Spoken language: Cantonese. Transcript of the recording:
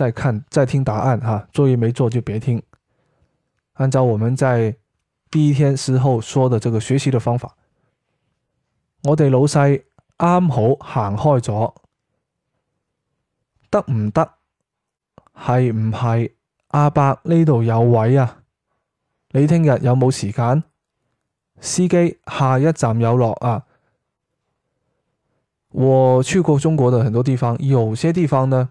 再看再聽答案哈，作業沒做就別聽。按照我們在第一天時候說的這個學習的方法，我哋老細啱好行開咗，得唔得？係唔係？阿伯呢度有位啊，你聽日有冇時間？司機下一站有落啊。我去過中國的很多地方，有些地方呢。